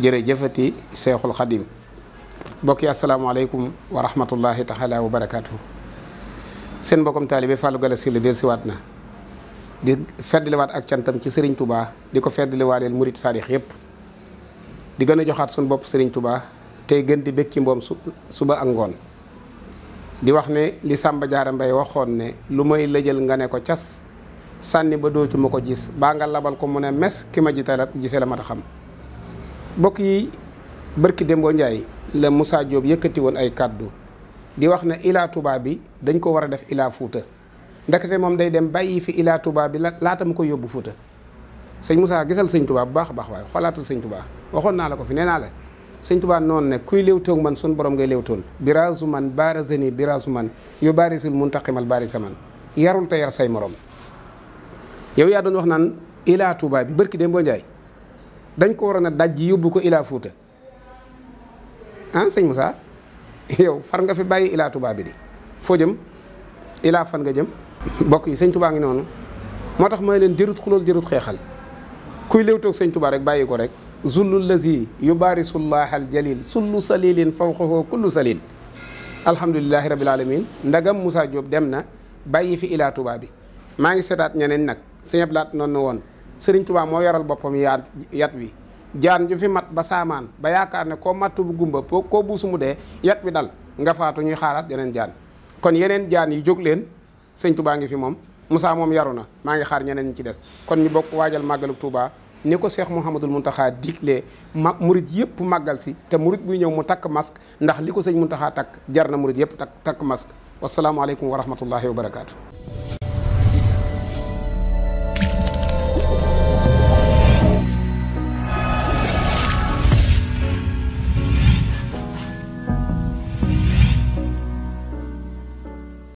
jërëjëfati seexul xadim mbokk yi asalaamaaleykum wa rahmatullahi taala wa barakaatu. seen mbokkum taalibe Fallou Galass Syll dellusiwaat na di feddliwaat ak cantam ci sëriñ Touba di ko feddliwaaleel murit saadix yëpp di gën a joxaat suñu bopp sëriñ Touba tey gën di bëgg ci mboom suba ak ngoon. di wax ne li Samba Diarra Mbaye waxoon ne lu may lëjal nga ne ko cas sànni ba dootu ma ko jis baa nga labal ko mu ne mes ki ma jiital gisee la mat a xam. mbokk yi barki Dembo Ndiaye la Moussa jóob yëkkati woon ay kàddu di wax na ilaa Touba bi dañ ko war a def ilaa Fuuta ndekete moom day dem bàyyi fi ilaa Touba bi la laata mu ko yóbbu Fuuta sëñ musaa gisal sañ Touba bu baax a baax waaye xoolaatal sëñ Touba waxoon naa la ko fi nee naa la sëñ Touba noonu ne kuy léewtoog man sun borom ngay léewtool biraasu man baara zeni biraasu man yu baarisul muntaqimal baari saman yarul te yar say morom yow yaa doon wax naan ilaa Touba bi barki Dembo dañ ko waroon a daj yóbbu ko ilaa Fuuta ah sëñ Moussa yow far nga fi bàyyi ilaa Touba bi di foo jëm ilaa fan nga jëm mbokk yi sëñ Touba ngi noonu moo tax may leen jërut xulool jërut xeexal kuy léew toog sëñ Touba rek bàyyi ko rek zullu lazi yubaarisullaah al jalil sullu salilin fawqahu kullu salil alhamdulilahi rabil alamin ndagam Moussa jóob dem na bàyyi fi ilaa Touba bi maa ngi seetaat ñeneen nag sëñ Ablaat noonu woon sëriñ tubaa moo yaral boppam yaat yat wi jaan ju fi mat ba saamaan ba yaakaar ne koo mattu bu gumba po koo buusu mu dee yat wi dal nga faatu ñuy xaaraat yeneen jaan kon yeneen jaan yi jóg leen sëñ tubaa ngi fi moom musaa moom yaru na maa ngi xaar ñeneen ñi ci des kon ñu bokk waajal màggalu Touba ni ko Cheikh mun taxaa diglee ma murit yëpp màggal si te murit buy ñëw mu takk masque ndax li ko sëñ taxaa takk jar na murit yëpp takk takk masque wasalaamualeykum wa rahmatullahi wa barakaatu.